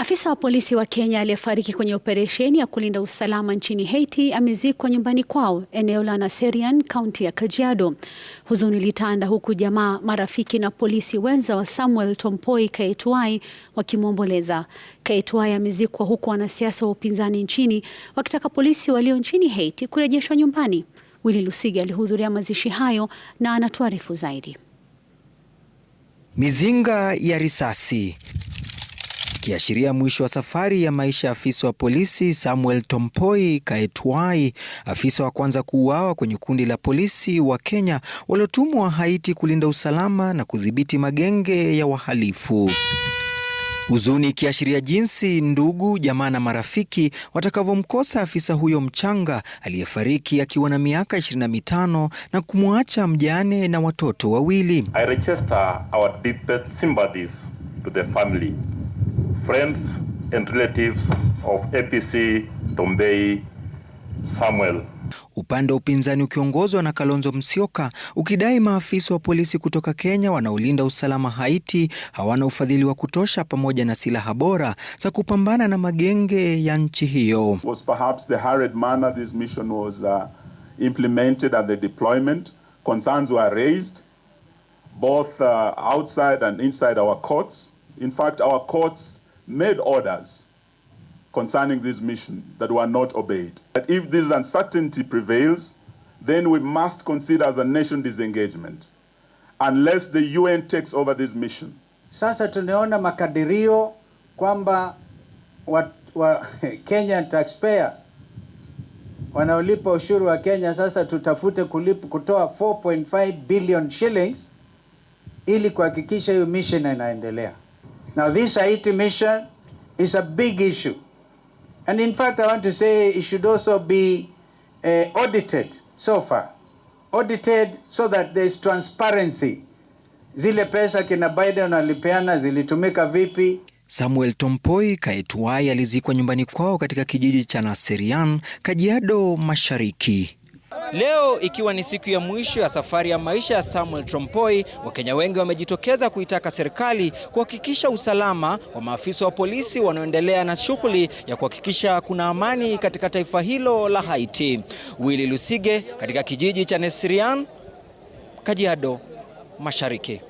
Afisa wa polisi wa Kenya aliyefariki kwenye operesheni ya kulinda usalama nchini Haiti amezikwa nyumbani kwao eneo la Naserian, kaunti ya Kajiado. Huzuni ilitanda huku jamaa, marafiki na polisi wenza wa Samuel Tompoi Kaetuai wakimwomboleza. Kaetuai amezikwa huku wanasiasa wa upinzani nchini wakitaka polisi walio nchini Haiti kurejeshwa nyumbani. Willy Lusige alihudhuria mazishi hayo na anatuarifu zaidi. Mizinga ya risasi kiashiria mwisho wa safari ya maisha afisa wa polisi Samuel Tompoi Kaetwai, afisa wa kwanza kuuawa kwenye kundi la polisi wa Kenya waliotumwa Haiti kulinda usalama na kudhibiti magenge ya wahalifu. Huzuni ikiashiria jinsi ndugu, jamaa na marafiki watakavyomkosa afisa huyo mchanga aliyefariki akiwa na miaka 25 na kumwacha mjane na watoto wawili. I register our deepest sympathies to the family friends and relatives of APC Tombei Samuel. Upande wa upinzani ukiongozwa na Kalonzo Musyoka ukidai maafisa wa polisi kutoka Kenya wanaolinda usalama Haiti hawana ufadhili wa kutosha pamoja na silaha bora za kupambana na magenge ya nchi hiyo. In fact, our courts made orders concerning this mission that were not obeyed. That if this uncertainty prevails, then we must consider as a nation disengagement unless the UN takes over this mission. Sasa tunaona makadirio kwamba wa, wa Kenyan taxpayer wanaolipa ushuru wa Kenya sasa tutafute kulipa, kutoa 4.5 billion shillings ili kuhakikisha hiyo mission inaendelea. Now this IT mission is a big issue. And in fact, I want to say it should also be uh, audited so far. Audited so that there is transparency. Zile pesa kina Biden walipeana zilitumika vipi? Samuel Tompoi Kaetuai alizikwa nyumbani kwao katika kijiji cha Naserian, Kajiado Mashariki. Leo ikiwa ni siku ya mwisho ya safari ya maisha ya Samuel Trompoi, Wakenya wengi wamejitokeza kuitaka serikali kuhakikisha usalama wa maafisa wa polisi wanaoendelea na shughuli ya kuhakikisha kuna amani katika taifa hilo la Haiti. Willy Lusige katika kijiji cha Nesirian, Kajiado Mashariki.